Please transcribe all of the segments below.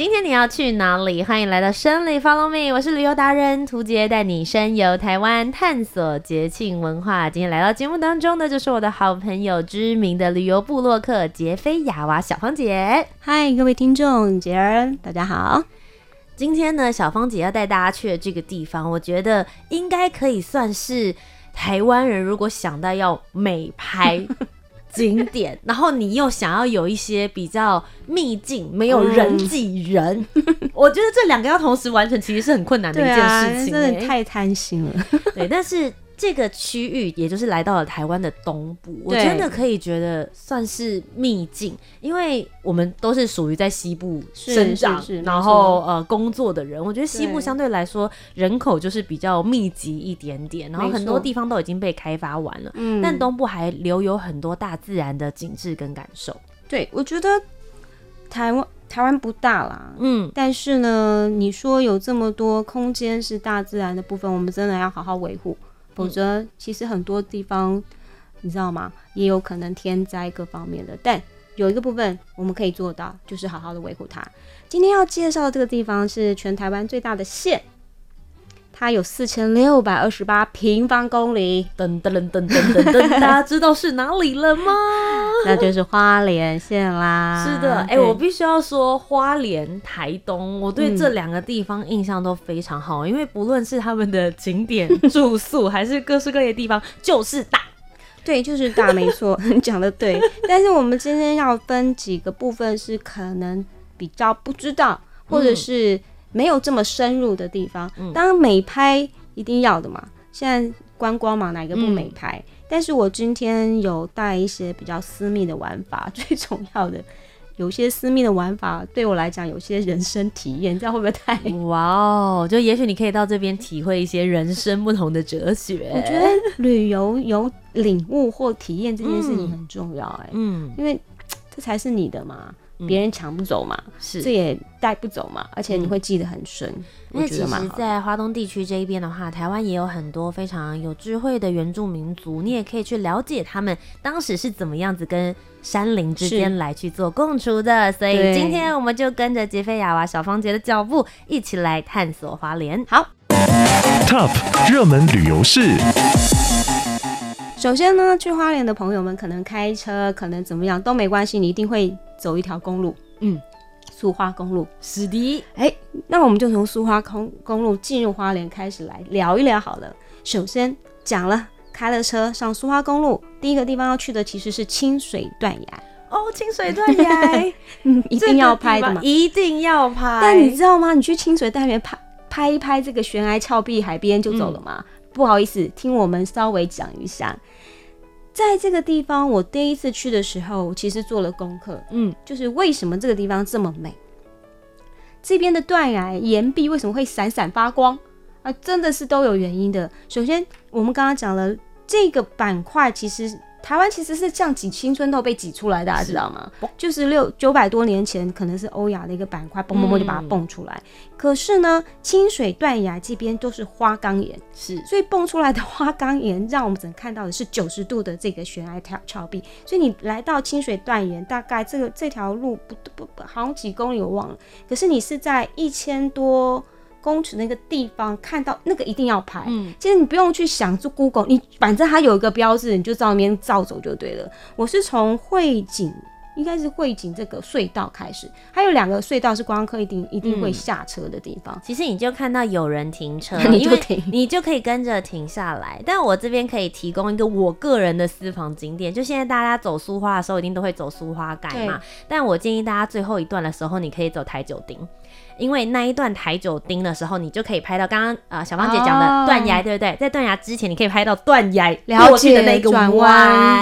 今天你要去哪裡？歡迎來到《深旅 Follow Me》，我是旅遊達人屠潔，帶你深遊台灣，探索節慶文化。今天來到節目當中的就是我的好朋友，知名的旅遊部落客傑菲亞娃小芳姐。嗨，各位聽眾，杰兒，大家好。今天呢，小芳姐要帶大家去的這個地方，我覺得應該可以算是台灣人如果想到要美拍。 景點，然後你又想要有一些比較秘境，沒有人擠人， 我覺得這兩個要同時完成，其實是很困難的一件事情欸。對啊，真的太貪心了。 對，但是。這個區域也就是來到了台灣的東部，對我真的可以覺得算是秘境，因為我們都是屬於在西部生長，然後沒錯呃工作的人，我覺得西部相對來說對人口就是比較密集一點點，然後很多地方都已經被開發完了，沒錯但東部還留有很多大自然的景致跟感受。嗯、對，我覺得台灣台灣不大啦，嗯，但是呢，你說有這麼多空間是大自然的部分，我們真的要好好維護。否則，其實很多地方，嗯、你知道嗎？也有可能天災各方面的。但有一個部分我們可以做到，就是好好的維護它。今天要介紹的這個地方是全台灣最大的縣。它有四千六百二十八平方公里。噔噔噔噔噔噔噔，噔， 大家知道是哪裡了嗎？ 那就是花蓮縣啦。是的，哎、欸，對我必須要說花蓮、台東，我對這兩個地方印象都非常好，嗯、因為不論是他們的景點、 住宿，還是各式各樣的地方，就是大。對，就是大，沒錯，你講 的對。但是我們今天要分幾個部分，是可能比較不知道，嗯、或者是。沒有這麼深入的地方，嗯、當然美拍一定要的嘛。現在觀光嘛，哪個不美拍？嗯、但是我今天有帶一些比較私密的玩法，最重要的，有些私密的玩法對我來講，有些人生體驗，這樣會不會太？哇哦！就也許你可以到這邊體會一些人生不同的哲學。我覺得旅遊有領悟或體驗這件事情很重要哎、嗯，嗯，因為這才是你的嘛。別人搶不走嘛，是、嗯、這也帶不走嘛，是而且你會記得很深。因為、嗯、其實，在華東地區這一邊的話，台灣也有很多非常有智慧的原住民族，你也可以去了解他們當時是怎麼樣子跟山林之間來去做共處的。是所以今天我們就跟着傑菲亞娃小芳姐的腳步，一起來探索花蓮好，Top 熱門旅遊市。首先呢，去花蓮的朋友們可能開車，可能怎麼樣都沒關係，你一定會走一條公路，嗯，蘇花公路，是的，哎、欸，那我們就從蘇花公公路進入花蓮開始來聊一聊好了。首先講了，開了車上蘇花公路，第一個地方要去的其實是清水斷崖，哦，清水斷崖， 嗯，一定要拍的嗎？一定要拍。但你知道嗎？你去清水斷崖拍拍一拍這個懸崖峭壁、海邊就走了嘛。嗯不好意思，聽我們稍微講一下，在這個地方，我第一次去的時候，其實做了功課，嗯，就是為什麼這個地方這麼美，這邊的斷崖岩壁為什麼會閃閃發光啊？真的是都有原因的。首先，我們剛剛講了這個板塊，其實。台灣其實是像擠青春痘被擠出來的，大家知道嗎？是就是六九百多年前，可能是歐亞的一個板塊，嘣嘣嘣就把它蹦出來。嗯、可是呢，清水斷崖這邊都是花崗岩，是，所以蹦出來的花崗岩，讓我們只能看到的是九十度的這個懸崖峭壁。所以你來到清水斷崖，大概這個這條路不不，不好幾公里，我忘了。可是你是在一千多。工程那個地方看到那個一定要拍。嗯，其實你不用去想做 Google，你反正它有一個標誌，你就照那邊照走就對了。我是從匯景，應該是匯景這個隧道開始，還有兩個隧道是觀光客一定一定會下車的地方，嗯。其實你就看到有人停車， 你就停，你就可以跟着停下來。但我這邊可以提供一個我個人的私房景點，就現在大家走蘇花的時候，一定都會走蘇花改嘛。對但我建議大家最後一段的時候，你可以走台九丁。.因為那一段台九丁的時候，你就可以拍到剛剛呃小芳姐講的斷崖、哦，對不對，對？在斷崖之前，你可以拍到斷崖過去的那個彎，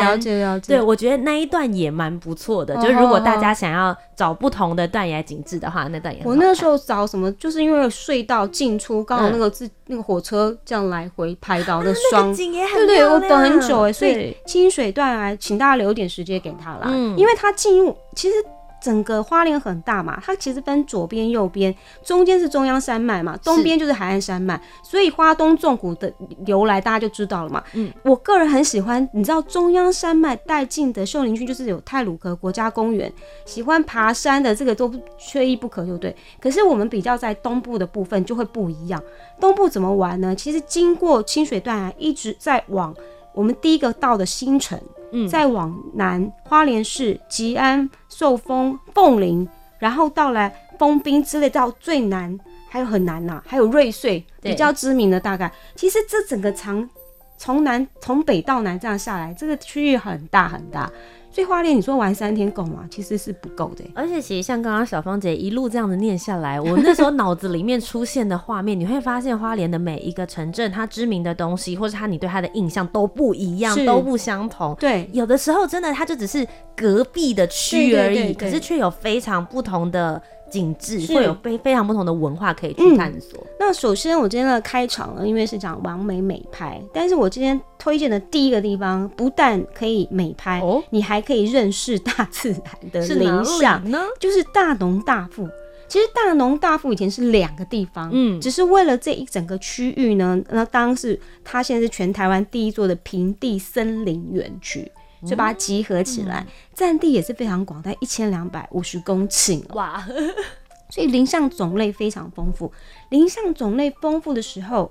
了解了解。對，我覺得那一段也蠻不錯的。哦哦哦就是如果大家想要找不同的斷崖景致的話，那段也。我那時候找什麼？就是因為隧道進出，剛好那個自那個火車這樣來回拍到、嗯、那雙，對，對對，我等很久誒、欸，所以清水斷崖，請大家留一點時間給他啦，嗯、因為他進入其實。整個花蓮很大嘛，它其實分左邊、右邊，中間是中央山脈嘛，東邊就是海岸山脈，是所以花東縱谷的由來大家就知道了嘛。嗯，我個人很喜歡，你知道中央山脈帶進的秀林區就是有太魯閣國家公園，喜歡爬山的這個都缺一不可，就對。可是我們比較在東部的部分就會不一樣，東部怎麼玩呢？其實經過清水斷崖，一直在往我們第一個到的新城。嗯、再往南，花蓮市、吉安、壽豐、鳳林，然後到了豐濱之類，到最南還有很南吶、啊，還有瑞穗，比較知名的大概。對其實這整個長，從南從北到南這樣下來，這個區域很大很大。所以花蓮，你說玩三天夠嗎？其實是不夠的欸。而且其實像剛剛小芳姐一路這樣子念下來，我那時候腦子裡面出現的畫面， 你會發現花蓮的每一個城鎮，它知名的東西，或是它你對它的印象都不一樣，是都不相同。對，有的時候真的它就只是隔壁的區而已，對對對對可是卻有非常不同的。景緻會有非非常不同的文化可以去探索。嗯、那首先我今天的開場呢，因為是講網美美拍，但是我今天推薦的第一個地方不但可以美拍，哦、你還可以認識大自然的理想呢。就是大農大富，其實大農大富以前是兩個地方，嗯，只是為了這一整個區域呢，那當時它現在是全台灣第一座的平地森林園區。就把它集合起來，占、嗯嗯、地也是非常廣，大概一千兩百五十公頃、喔、哇！ 所以林相種類非常豐富，林相種類豐富的時候，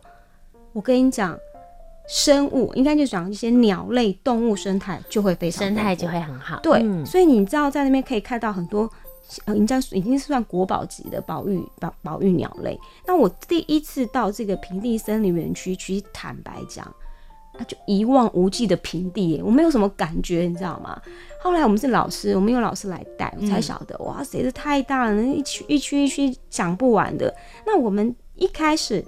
我跟你講，生物應該就講一些鳥類、動物生態就會非常生態就會很好。對，嗯、所以你知道在那邊可以看到很多，人家已經是算國寶級的保育保保育鳥類。那我第一次到這個平地森林園區，去坦白講。他就一望無際的平地，我沒有什麼感覺，你知道嗎？後來我們是老師，我們有老師來帶，我才曉得，嗯、哇塞，這太大了，那一區一區一區講不完的。那我們一開始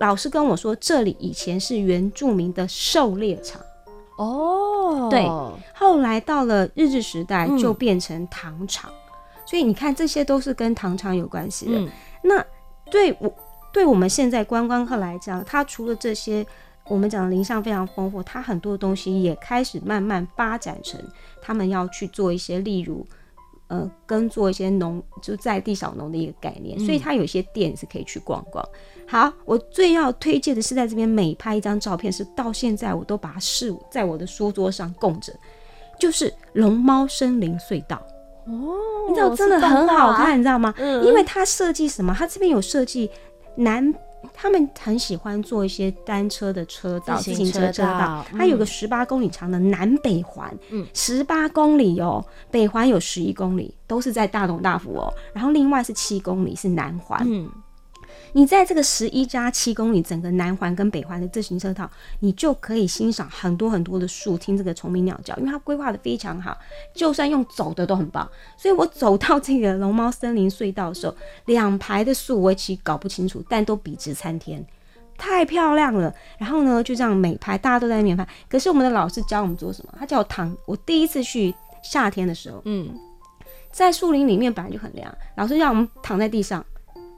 老師跟我說，這裡以前是原住民的狩獵場，哦，對。後來到了日治時代，就變成糖廠，嗯、所以你看，這些都是跟糖廠有關係的。嗯、那對我，對我們現在觀光客來講，它除了這些。我們講的林相非常豐富，它很多東西也開始慢慢發展成他們要去做一些，例如，呃，跟做一些農，就在地小農的一個概念，所以它有一些店是可以去逛逛。嗯、好，我最要推薦的是在這邊每一拍一張照片，是到現在我都把它視在我的書桌上供着，就是龍貓森林隧道哦，你知道真的很好看，啊、你知道嗎？嗯、因為它設計什麼，它這邊有設計南。他們很喜歡做一些單車的車道，自行車道自行車道。嗯、它有個十八公里長的南北環，十八、嗯、公里哦，北環有十一公里，都是在大農大富哦，然後另外是七公里是南環，嗯。你在這個十一加七公里整個南環跟北環的自行車道，你就可以欣賞很多很多的樹，聽這個蟲鳴鳥叫，因為它規劃的非常好，就算用走的都很棒。所以我走到這個龍貓森林隧道的時候，兩排的樹，我其實搞不清楚，但都筆直參天，太漂亮了。然後呢，就這樣每排大家都在那邊拍。可是我們的老師教我們做什麼？他叫我躺。我第一次去夏天的時候，嗯，在樹林裡面本來就很涼，老師讓我們躺在地上。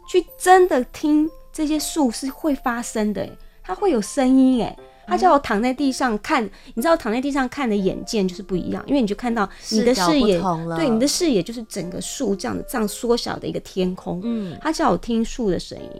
去真的聽這些樹是會發聲的，它會有聲音，誒。他叫我躺在地上看，嗯、你知道我躺在地上看的眼見就是不一樣，因為你就看到你的視野，視角不同了。對，你的視野就是整個樹這樣這樣縮小的一個天空，嗯，他叫我聽樹的聲音。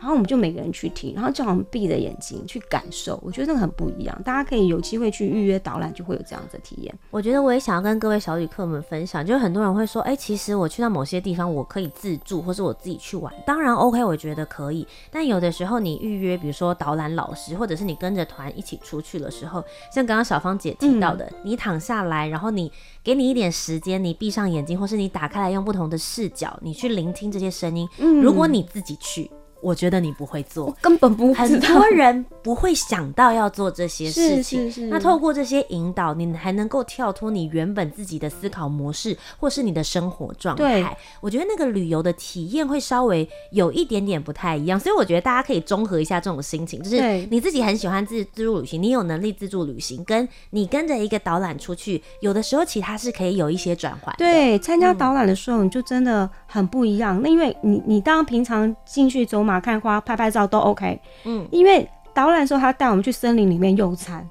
然後我們就每個人去聽，然後叫我們閉着眼睛去感受，我覺得這個很不一樣。大家可以有機會去預約導覽，就會有這樣的體驗。我覺得我也想要跟各位小旅客們分享，就是很多人會說，哎，其實我去到某些地方，我可以自助，或是我自己去玩，當然 OK，我覺得可以。但有的時候你預約，比如說導覽老師，或者是你跟着團一起出去的時候，像剛剛小芳姐提到的，嗯、你躺下來，然後你給你一點時間，你閉上眼睛，或是你打開來，用不同的視角，你去聆聽這些聲音。嗯。如果你自己去。嗯我覺得你不會做，我根本不知道。很多人不會想到要做這些事情。那透過這些引導，你還能夠跳脫你原本自己的思考模式，或是你的生活狀態。對，我覺得那個旅遊的體驗會稍微有一點點不太一樣。所以我覺得大家可以綜合一下這種心情，就是你自己很喜歡自自助旅行，你有能力自助旅行，跟你跟着一個導覽出去，有的時候其他是可以有一些轉換。對，參加導覽的時候你就真的很不一樣。嗯、那因為你你當平常進去走馬看花、拍拍照都 OK，嗯，因為導覽的時候他帶我們去森林裡面用餐。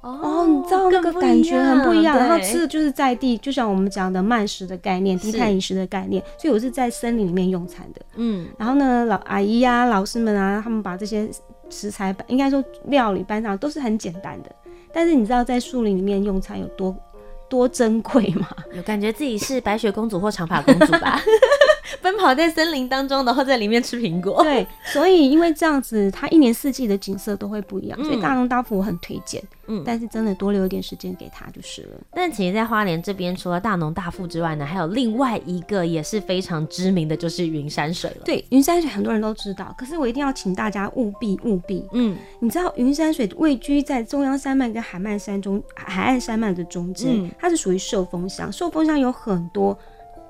哦，哦，你知道那個感覺很不一樣，一樣然後吃的就是在地，對就像我們講的慢食的概念、對低碳飲食的概念，是所以我是在森林裡面用餐的，嗯。然後呢，老阿姨啊、老師們啊，他們把這些食材，應該說料理搬上都是很簡單的，但是你知道在樹林裡面用餐有多多珍貴嗎？有感覺自己是白雪公主或長髮公主吧？ 奔跑在森林當中，然後在裡面吃蘋果。對，所以因為這樣子，它一年四季的景色都會不一樣。嗯、所以大農大富我很推薦，嗯，但是真的多留一點時間給他就是了。但其實，在花蓮這邊，除了大農大富之外呢，還有另外一個也是非常知名的，就是雲山水了。對，雲山水很多人都知道，可是我一定要請大家務必務必，嗯，你知道雲山水位居在中央山脈跟海曼山中海岸山脈的中間，嗯、它是屬於受風向，受風向有很多。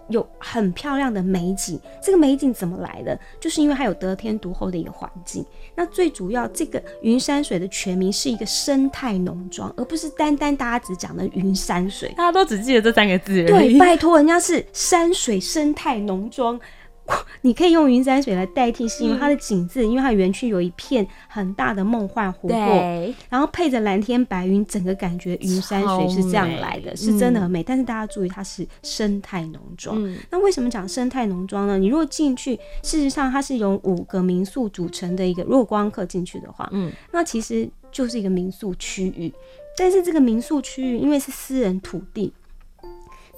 有很漂亮的美景，這個美景怎麼來的？就是因為它有得天獨厚的一個環境。那最主要，這個雲山水的全名是一個生態農莊，而不是單單大家只講的雲山水。大家都只記得這三個字而已。對，拜託，人家是山水生態農莊。你可以用雲山水來代替，是因為它的景致，嗯、因為它園區有一片很大的夢幻湖泊，對然後配着藍天白雲，整個感覺雲山水是這樣來的，美是真的很美。嗯、但是大家注意，它是生態農莊。嗯、那為什麼講生態農莊呢？你如果進去，事實上它是由五個民宿組成的一個。如果光客進去的話，嗯，那其實就是一個民宿區域。但是這個民宿區域因為是私人土地。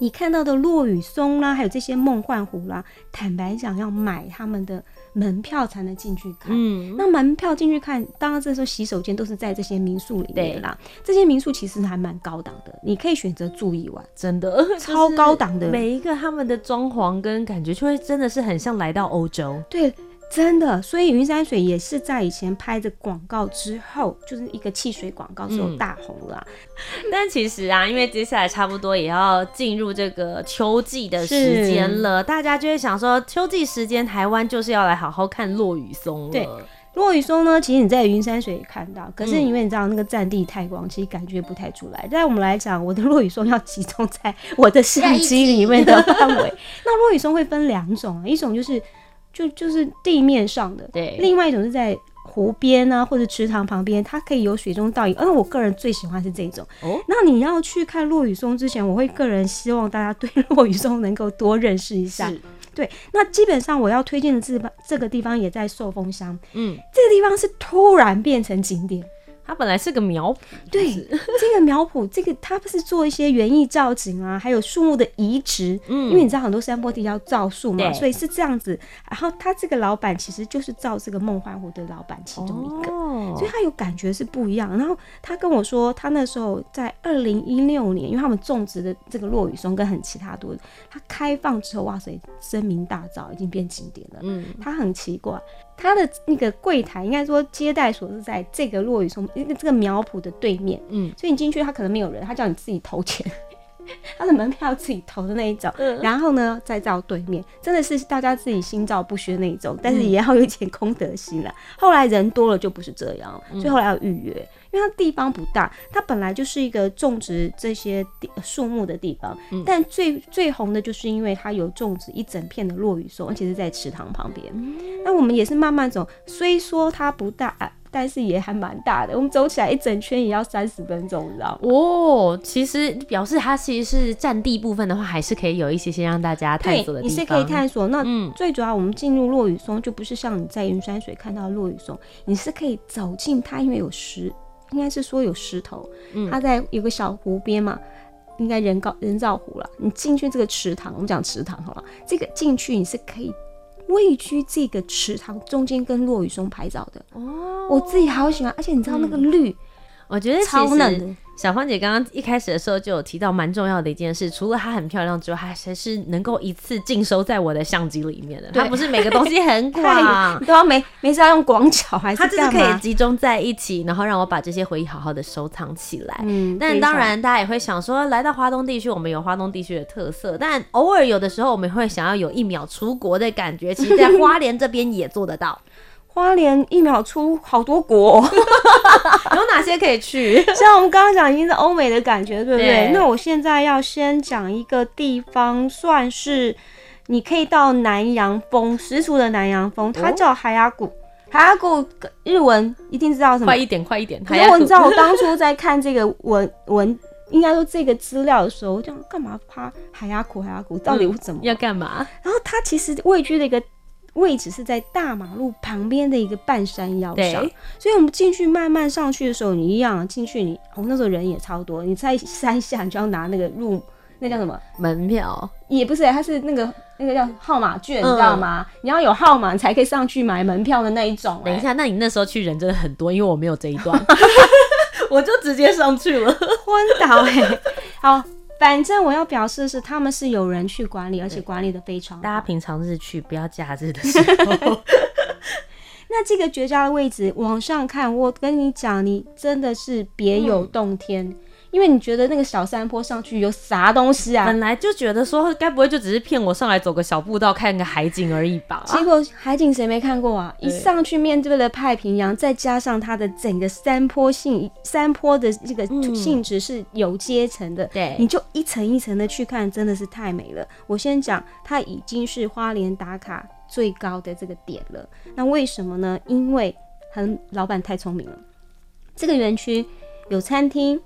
你看到的落雨松啦，還有這些夢幻湖啦，坦白講，要買他們的門票才能進去看。嗯，那門票進去看，當然這時候洗手間都是在這些民宿裡面的啦。對這些民宿其實還蠻高檔的，你可以選擇住一晚，真的超高檔的。每一個他們的裝潢跟感覺，就會真的是很像來到歐洲。對。真的，所以雲山水也是在以前拍的廣告之後，就是一個汽水廣告之後、嗯、大紅了、啊。但其實啊，因為接下來差不多也要進入這個秋季的時間了，是大家就會想說，秋季時間台灣就是要來好好看落雨松。對，落雨松呢，其實你在雲山水也看到，可是因為你知道、嗯、那個佔地太廣，其實感覺不太出來。在我們來講，我的落雨松要集中在我的相機裡面的範圍一。 那落雨松會分兩種，一種就是。就就是地面上的，對。另外一種是在湖邊啊，或者池塘旁邊，它可以有水中倒影。而我個人最喜歡是這種。哦，那你要去看落羽松之前，我會個人希望大家對落羽松能夠多認識一下。是對，那基本上我要推薦的這這個地方也在壽豐鄉。嗯，這個地方是突然變成景點。他本來是個苗圃，對， 這個苗圃，這個他不是做一些園藝造景啊，還有樹木的移植。嗯，因為你知道很多山坡地要造樹嘛，對所以是這樣子。然後他這個老板其實就是造這個夢幻湖的老板其中一個，哦，所以他有感覺是不一樣。然後他跟我說，他那時候在二零一六年，因為他們種植的這個落羽松跟很其他多，它開放之後哇塞，聲名大噪，已經變景點了。嗯，他很奇怪，他的那個櫃台應該說接待所是在這個落羽松。因為這個苗圃的對面，嗯，所以你進去，他可能沒有人，他叫你自己投錢， 他的門票自己投的那一種。嗯、然後呢，再到對面，真的是大家自己心照不宣那一種，但是也要有一點功德心啦。嗯、後來人多了就不是這樣，所以後來要預約，嗯、因為它地方不大，它本來就是一個種植這些樹木的地方，嗯、但最最紅的就是因為它有種植一整片的落羽松，而且是在池塘旁邊。嗯、那我們也是慢慢走，雖說它不大。啊但是也還蠻大的，我們走起來一整圈也要三十分鐘，你知道哦，其實表示它其實是佔地部分的話，還是可以有一些些讓大家探索的地方。對，你是可以探索。嗯、那最主要我們進入落羽松，就不是像你在雲山水看到落羽松，你是可以走進它，因為有石，應該是說有石頭。嗯、它在有個小湖邊嘛，應該人高人造湖了。你進去這個池塘，我們講池塘好了，這個進去你是可以。.位居這個池塘中間，跟落羽松拍照的哦，我自己好喜歡，而且你知道那個綠，嗯、我覺得超嫩的。小芳姐剛剛一開始的時候就有提到蠻重要的一件事，除了她很漂亮之外，還還是能夠一次盡收在我的相機裡面的。她對不是每個東西很廣，對啊， 沒沒事要用廣角還是幹嘛？這可以集中在一起，然後讓我把這些回憶好好的收藏起來。嗯，但當然大家也會想說，來到花東地區，我們有花東地區的特色，但偶爾有的時候我們會想要有一秒出國的感覺，其實在花蓮這邊也做得到。 花蓮一秒出好多國。喔， 有哪些可以去？ 像我們剛剛講已經是歐美的感覺， 對，對不對？那我現在要先講一個地方，算是你可以到南洋風十足的南洋風，它叫海崖谷。海崖谷日文一定知道什麼？快一點，快一點！我你知道，我 當初在看這個文文，應該說這個資料的時候，我想幹嘛、嗯、嘛？怕海崖谷，海崖谷到底怎麼要幹嘛？然後它其實位居了一個。位置是在大馬路旁邊的一個半山腰上，對欸、所以我們進去慢慢上去的時候，你一樣進去你，你、喔、哦那時候人也超多，你在山下你就要拿那個路那叫什麼門票，也不是、欸，它是那個那個叫號碼券，嗯、你知道嗎？你要有號碼你才可以上去買門票的那一種、欸。等一下，那你那時候去人真的很多，因為我沒有這一段， 我就直接上去了，昏倒誒、欸，好。反正我要表示的是，他們是有人去管理，對而且管理得非常好。大家平常日去，不要假日的時候。 那這個絕佳的位置往上看，我跟你講，你真的是別有洞天。嗯因為你覺得那個小山坡上去有啥東西啊？本來就覺得說，該不會就只是騙我上來走個小步道看個海景而已吧？結果海景誰沒看過啊？對 一上去面對了太平洋，再加上它的整個山坡性，山坡的這個性質是有階層的，對，嗯、你就一層一層的去看，真的是太美了。對 我先講，它已經是花蓮打卡最高的這個點了。那為什麼呢？因為很老板太聰明了，這個園區有餐廳。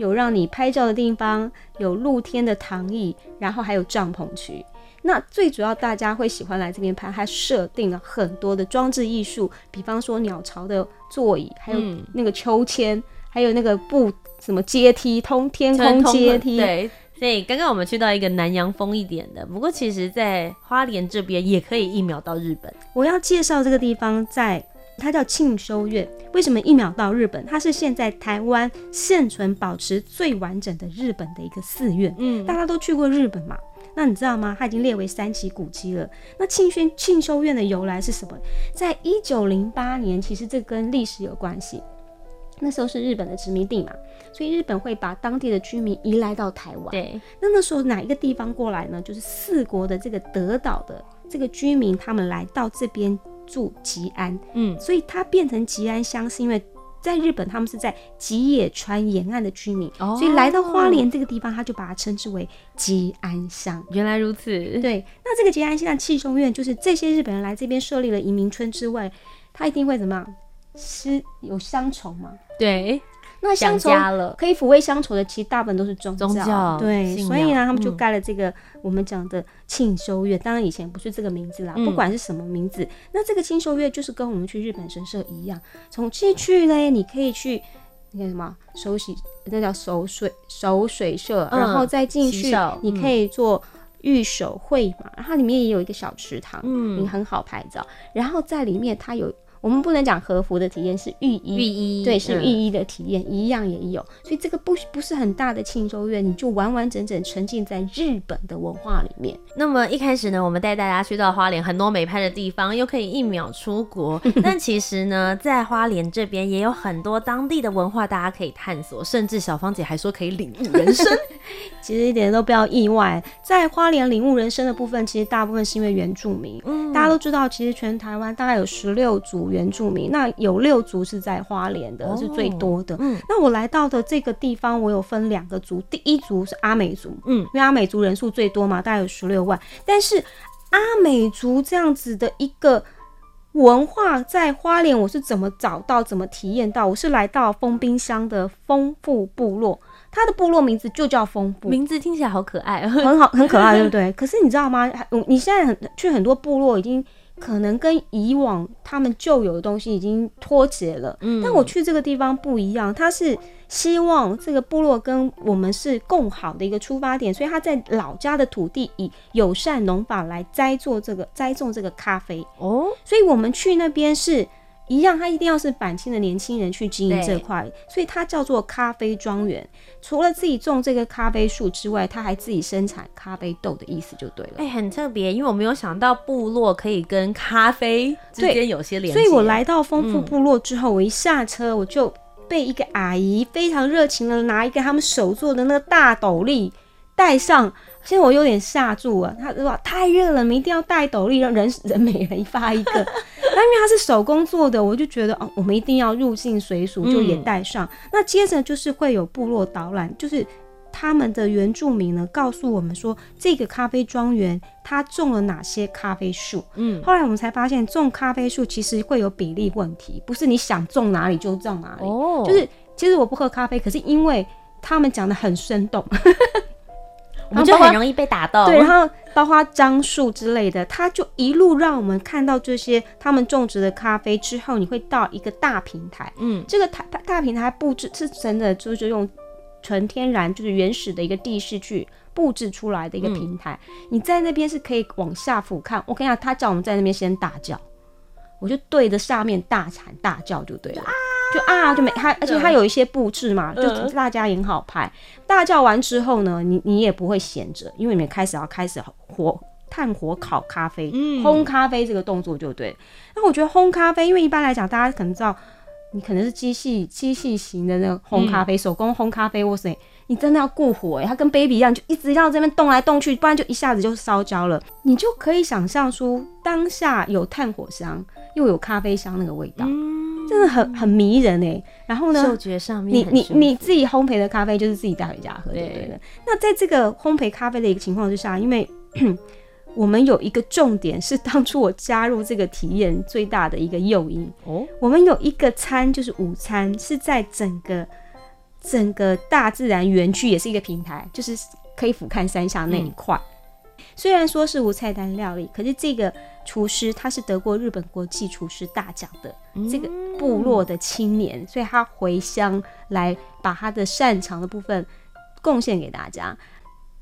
有讓你拍照的地方，有露天的躺椅，然後還有帳篷區。那最主要大家會喜歡來這邊拍，它設定了很多的裝置藝術，比方說鳥巢的座椅，還有那個秋千，嗯、還有那個布什麼階梯通天空階梯。對，所以剛剛我們去到一個南洋風一點的，不過其實，在花蓮這邊也可以一秒到日本。我要介紹這個地方在。它叫慶修院，為什麼一秒到日本？它是現在台灣現存保持最完整的日本的一個寺院。嗯，大家都去過日本嘛？那你知道嗎？它已經列為三級古蹟了。那慶軒慶修院的由來是什麼？在一九零八年，其實這跟歷史有關係。那時候是日本的殖民地嘛，所以日本會把當地的居民移來到台灣。對，那那時候哪一個地方過來呢？就是四國的這個德島的這個居民，他們來到這邊。住吉安，嗯，所以它變成吉安鄉，是因為在日本他們是在吉野川沿岸的居民，哦、所以來到花蓮這個地方，他就把它稱之為吉安鄉。原來如此，對。那這個吉安現在慶修院，就是這些日本人來這邊設立了移民村之外，他一定會怎麼樣？是有鄉愁嗎？對。那鄉愁了，可以撫慰鄉愁的，其實大部分都是宗教，宗教對，妙所以呢、啊，他們就蓋了這個我們講的慶修院，嗯、當然以前不是這個名字啦，嗯、不管是什麼名字，那這個慶修院就是跟我們去日本神社一樣，從進去呢，你可以去那個什麼手洗，那叫手水手水社，嗯、然後再進去，你可以做御守會嘛，嗯、然後它裡面也有一個小池塘，嗯，你很好拍照，嗯、然後在裡面它有。我們不能講和服的體驗是浴衣，浴衣對，是浴衣的體驗、嗯、一樣也有，所以這個不不是很大的慶修院，你就完完整整沉浸在日本的文化裡面。那麼一開始呢，我們帶大家去到花蓮很多美拍的地方，又可以一秒出國。 但其實呢，在花蓮這邊也有很多當地的文化大家可以探索，甚至小芳姐還說可以領悟人生。 其實一點都不要意外，在花蓮領悟人生的部分，其實大部分是因為原住民。嗯，大家都知道，其實全台灣大概有十六族原住民，那有六族是在花蓮的，哦，是最多的。嗯，那我來到的這個地方，我有分兩個族，第一族是阿美族，嗯，因為阿美族人數最多嘛，大概有十六萬。但是阿美族這樣子的一個文化，在花蓮我是怎麼找到、怎麼體驗到？我是來到豐濱鄉的豐富部落。他的部落名字就叫豐富，名字聽起來好可愛，啊，很好，很可愛，對不對？ 可是你知道嗎？你現在很去很多部落，已經可能跟以往他們舊有的東西已經脫節了。嗯、但我去這個地方不一樣，他是希望這個部落跟我們是共好的一個出發點，所以他在老家的土地以友善農法來栽種這個栽種這個咖啡。哦，所以我們去那邊是。一樣，他一定要是板青的年輕人去經營這塊，對所以它叫做咖啡莊園。除了自己種這個咖啡樹之外，他還自己生產咖啡豆的意思就對了。哎、欸，很特別，因為我沒有想到部落可以跟咖啡之間有些聯繫。所以我來到豐富部落之後，嗯、我一下車我就被一個阿姨非常熱情地拿一個他們手做的那個大斗笠戴上，其實我有點嚇住了，他說：“太熱了，你一定要戴斗笠，讓人人每人一發一個。” 因為它是手工做的，我就覺得哦，我們一定要入境隨俗，就也帶上。嗯，那接着就是會有部落導覽，就是他們的原住民呢告訴我們說，這個咖啡莊園他種了哪些咖啡樹。嗯，後來我們才發現，種咖啡樹其實會有比例問題，不是你想種哪裡就種哪裡。哦，就是其實我不喝咖啡，可是因為他們講得很生動。 我們就很容易被打到，花對。然後包括樟樹之類的， 它就一路讓我們看到這些他們種植的咖啡之後，你會到一個大平台，嗯，這個大大平台布置是真的，就是用純天然，就是原始的一個地勢去布置出來的一個平台。嗯，你在那邊是可以往下俯瞰。我跟你講，他叫我們在那邊先大叫，我就對着下面大喊大叫就對了。啊就啊，就沒他，而且他有一些佈置嘛，對就大家也很好拍。大叫完之後呢，你你也不會閒着，因為你們開始要開始火炭火烤咖啡，嗯，烘咖啡這個動作就對。那我覺得烘咖啡，因為一般來講大家可能知道，你可能是機器機器型的那個烘咖啡，嗯、手工烘咖啡，哇塞，你真的要過火、顧火欸，它跟 baby 一樣，就一直讓這邊動來動去，不然就一下子就燒焦了。你就可以想象出當下有炭火香，又有咖啡香那個味道。嗯真的很很迷人誒。然後呢，嗅覺上面你，你你你自己烘焙的咖啡就是自己帶回家喝就對了，對對的。那在這個烘焙咖啡的一個情況之下，因為我們有一個重點是當初我加入這個體驗最大的一個誘因哦，我們有一個餐就是午餐是在整個整個大自然園區也是一個平台，就是可以俯瞰山下那一塊。嗯、雖然說是無菜單料理，可是這個。廚師，他是得過日本國際廚師大獎的這個部落的青年，嗯，所以他回鄉來把他的擅長的部分貢獻給大家。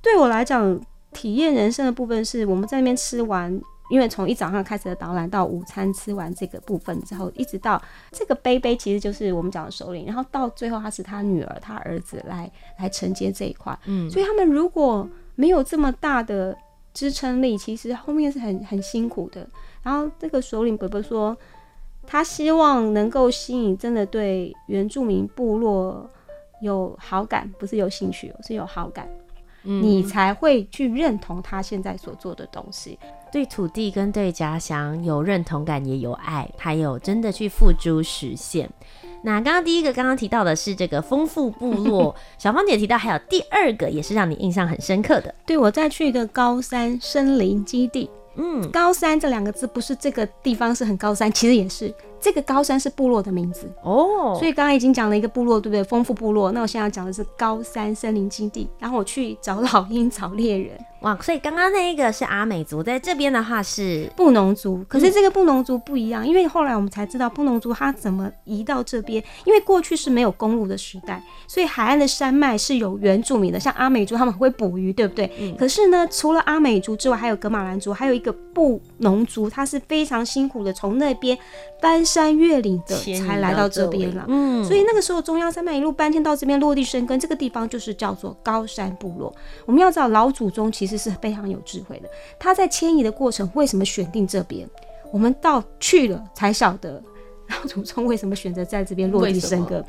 對我來講，體驗人生的部分是我們在那邊吃完，因為從一早上開始的導覽到午餐吃完這個部分之後，一直到這個杯杯其實就是我們講的首領，然後到最後他是他女兒、他兒子來來承接這一塊。嗯，所以他們如果沒有這麼大的。支撐力其實後面是很很辛苦的。然後這個首領伯伯說，他希望能夠吸引真的對原住民部落有好感，不是有興趣，是有好感，嗯，你才會去認同他現在所做的東西，對土地跟對家鄉有認同感，也有愛，還有真的去付諸實現。那剛剛第一個剛剛提到的是這個豐富部落， 小芳姐提到還有第二個也是讓你印象很深刻的，對，我再去一個高山森林基地，嗯，高山這兩個字不是這個地方是很高山，其實也是這個高山是部落的名字哦，所以剛剛已經講了一個部落，對不對？豐富部落，那我現在要講的是高山森林基地，然後我去找老鷹找獵人。哇，所以剛剛那一個是阿美族，在這邊的話是布農族，可是這個布農族不一樣，嗯。因為後來我們才知道布農族他怎麼移到這邊，因為過去是沒有公路的時代，所以海岸的山脈是有原住民的，像阿美族他們會捕魚，對不對？嗯。可是呢，除了阿美族之外，還有噶瑪蘭族，還有一個布農族，他是非常辛苦的從那邊翻山越嶺的才來到這邊了這，嗯。所以那個時候中央山脈一路搬遷到這邊落地生根，這個地方就是叫做高山部落。我們要知道老祖宗其實。其實是非常有智慧的。他在遷移的過程，為什麼選定這邊？我們到去了才曉得，老祖宗為什麼選擇在這邊落地生根。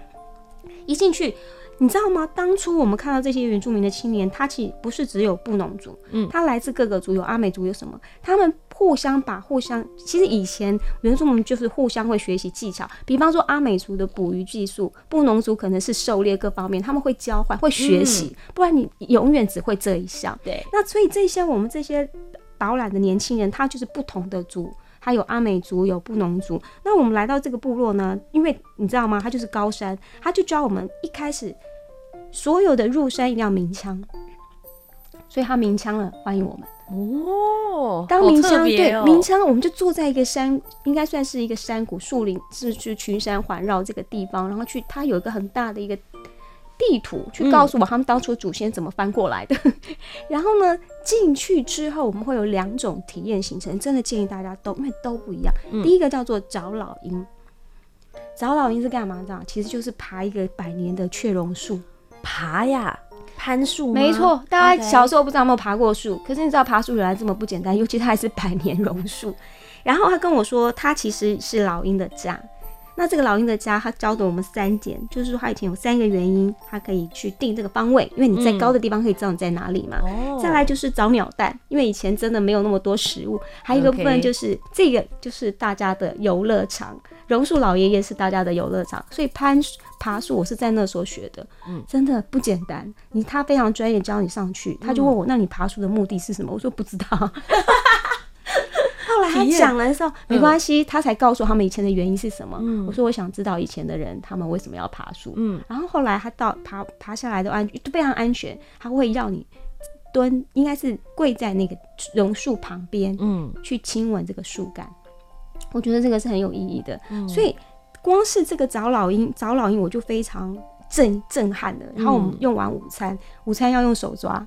一進去。你知道嗎？當初我們看到這些原住民的青年，他其實不是只有布農族，嗯，他來自各個族有，有阿美族，有什麼？他們互相把互相，其實以前原住民就是互相會學習技巧，比方說阿美族的捕魚技術，布農族可能是狩獵各方面，他們會交換，會學習，嗯，不然你永遠只會這一項。對，那所以這些我們這些導覽的年輕人，他就是不同的族，他有阿美族，有布農族。那我們來到這個部落呢，因為你知道嗎？他就是高山，他就教我們一開始。所有的入山一定要鳴槍，所以他鳴槍了，歡迎我們哦。當鳴槍，哦、對鳴槍，我們就坐在一個山，應該算是一個山谷，樹林是去群山環繞這個地方，然後去它有一個很大的一個地圖，去告訴我他們當初祖先怎麼翻過來的。嗯、 然後呢，進去之後我們會有兩種體驗行程，真的建議大家都因為都不一樣。嗯、第一個叫做找老鷹，找老鷹是幹嘛的？其實就是爬一個百年的雀榕樹。爬呀，攀樹，沒錯。大家小時候不知道有沒有爬過樹，Okay. 可是你知道爬樹原來這麼不簡單，尤其它還是百年榕樹。然後他跟我說，他其實是老鷹的家。那這個老鷹的家，他教的我們三點，就是說他以前有三個原因，他可以去定這個方位，因為你在高的地方可以知道你在哪裡嘛。嗯 oh. 再來就是找鳥蛋，因為以前真的沒有那麼多食物。還有一個部分就是 Okay. 這個就是大家的遊樂場。榕樹老爺爺是大家的遊樂場，所以攀爬樹我是在那所學的，嗯、真的不簡單。你他非常專業教你上去，嗯、他就問我，那你爬樹的目的是什麼？我說不知道。嗯、 後來他講的時候，體驗，沒關係，嗯、他才告訴他們以前的原因是什麼。嗯、我說我想知道以前的人他們為什麼要爬樹。嗯，然後後來他到爬爬下來都安，都非常安全。他會讓你蹲，應該是跪在那個榕樹旁邊，嗯，去親吻這個樹幹。我覺得這個是很有意義的，嗯、所以光是這個找老鷹，找老鷹我就非常震震撼了。然後我們用完午餐，午餐要用手抓。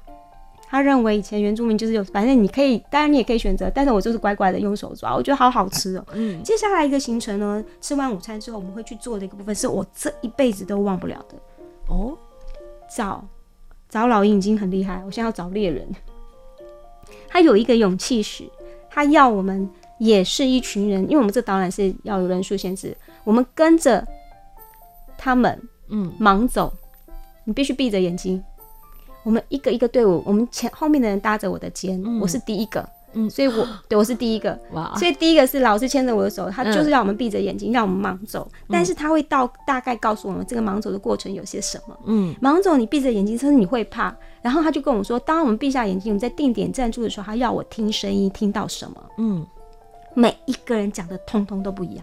他認為以前原住民就是有，反正你可以，當然你也可以選擇，但是我就是乖乖的用手抓。我覺得好好吃哦、喔。嗯，接下來一個行程呢，吃完午餐之後我們會去做的一個部分，是我這一輩子都忘不了的。哦，找找老鷹已經很厲害，我現在要找獵人。他有一個勇氣使他要我們，也是一群人，因為我們這導覽是要有人數限制，我們跟着他們，嗯，盲走，嗯、你必須閉着眼睛。我們一個一個隊伍，我們前後面的人搭着我的肩，嗯、我是第一個，嗯，所以我、嗯、對，我是第一個，哇！所以第一個是老師牽着我的手，他就是讓我們閉着眼睛，嗯、讓我們盲走，但是他會到大概告訴我們這個盲走的過程有些什麼，嗯，盲走你閉着眼睛，甚至你會怕，然後他就跟我說，當我們閉下眼睛，我們在定點站住的時候，他要我聽聲音，聽到什麼，嗯。每一個人講的通通都不一樣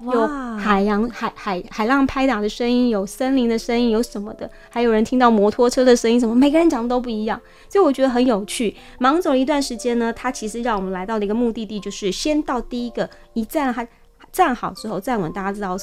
，wow, 有海洋海海海浪拍打的聲音，有森林的聲音，有什麼的，還有人聽到摩托車的聲音，什麼每個人講的都不一樣？所以我覺得很有趣。盲走了一段時間呢，他其實讓我們來到了一個目的地，就是先到第一個一站，還站好之後站穩，大家知道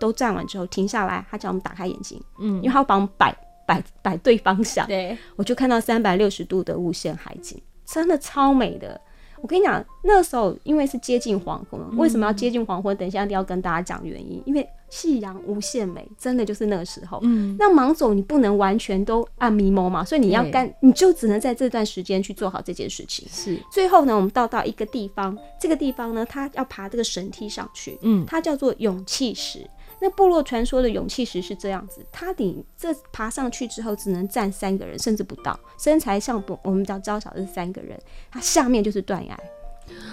都站完之後停下來，他叫我們打開眼睛，嗯，因為他要把我們擺擺擺對方向，對，我就看到三百六十度的無限海景，真的超美的。我跟你講，那時候因為是接近黃昏，嗯、為什麼要接近黃昏？等一下一定要跟大家講原因，因為夕陽無限美，真的就是那個時候。嗯，那盲走你不能完全都按迷 e 嘛，所以你要幹，欸、你就只能在這段時間去做好這件事情。是，最後呢，我們到到一個地方，這個地方呢，它要爬這個繩梯上去，嗯，它叫做勇氣石。嗯那部落傳說的勇氣石是這樣子，他頂這爬上去之後只能站三個人，甚至不到，身材上我們叫嬌小的是三個人，他下面就是斷崖，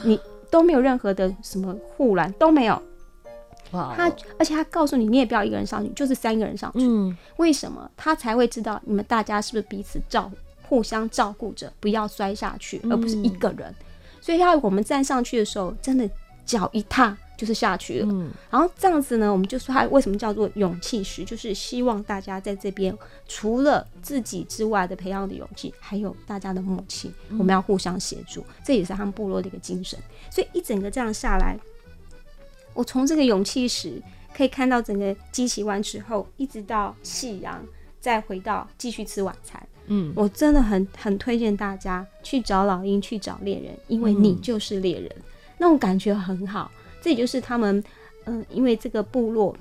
你都沒有任何的什麼護欄都沒有，他而且他告訴你，你也不要一個人上去，就是三個人上去。嗯。為什麼？他才會知道你們大家是不是彼此照互相照顧着，不要摔下去，而不是一個人。所以要我們站上去的時候，真的腳一踏。就是下去了，嗯、然後這樣子呢，我們就說他為什麼叫做勇氣石，就是希望大家在這邊除了自己之外的培養的勇氣，還有大家的默契，嗯、我們要互相協助，這也是他們部落的一個精神。所以一整個這樣下來，我從這個勇氣石可以看到整個驚喜完之後，一直到夕陽，再回到繼續吃晚餐，嗯，我真的很很推薦大家去找老鷹，去找獵人，因為你就是獵人，嗯、那種感覺很好。這也就是他們，嗯，因為這個部落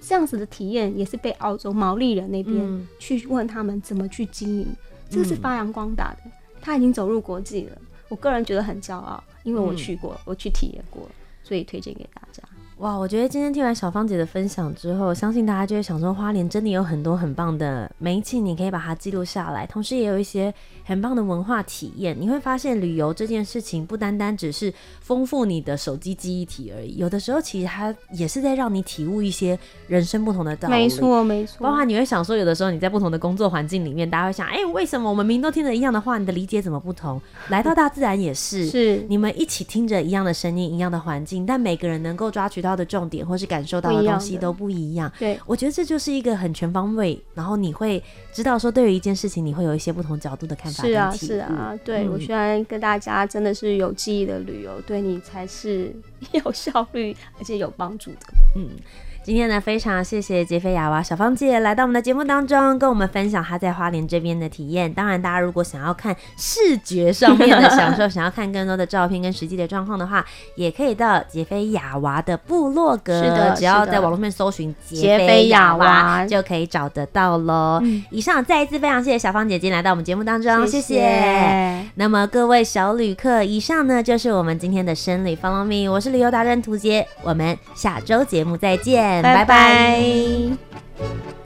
這樣子的體驗，也是被澳洲毛利人那邊去問他們怎麼去經營，嗯、這個是發揚光大的，嗯、他已經走入國際了。我個人覺得很驕傲，因為我去過，嗯、我去體驗過，所以推薦給大家。哇，我覺得今天聽完小芳姐的分享之後，相信大家就會想說，花蓮真的有很多很棒的美景，你可以把它記錄下來，同時也有一些很棒的文化體驗。你會發現，旅遊這件事情不單單只是豐富你的手機記憶體而已，有的時候其實它也是在讓你體悟一些人生不同的道理。沒錯，沒錯。包括你會想說，有的時候你在不同的工作環境裡面，大家會想，哎、欸，為什麼我們明都聽着一樣的話，你的理解怎麼不同？來到大自然也是，嗯、是你們一起聽着一樣的聲音，一樣的環境，但每個人能夠抓取到。的重點或是感受到的東西都不一樣。一樣對，我覺得這就是一個很全方位，然後你會知道說，對於一件事情，你會有一些不同角度的看法。是啊，是啊，對，嗯、我希望跟大家真的是有記憶的旅遊，對你才是有效率而且有幫助的。嗯。今天呢，非常謝謝傑菲亞娃小芳姐來到我們的節目當中，跟我們分享她在花蓮這邊的體驗。當然，大家如果想要看視覺上面的享受， 想要看更多的照片跟實際的狀況的話，也可以到傑菲亞娃的部落格。是的，是的，只要在網絡面搜尋傑菲亞娃就可以找得到嘍。以上再一次非常謝謝小芳姐今天來到我們節目當中，謝謝。謝謝，那麼各位小旅客，以上呢就是我們今天的深旅 Follow Me，我是旅遊達人屠潔，我們下周節目再見。拜拜。拜拜。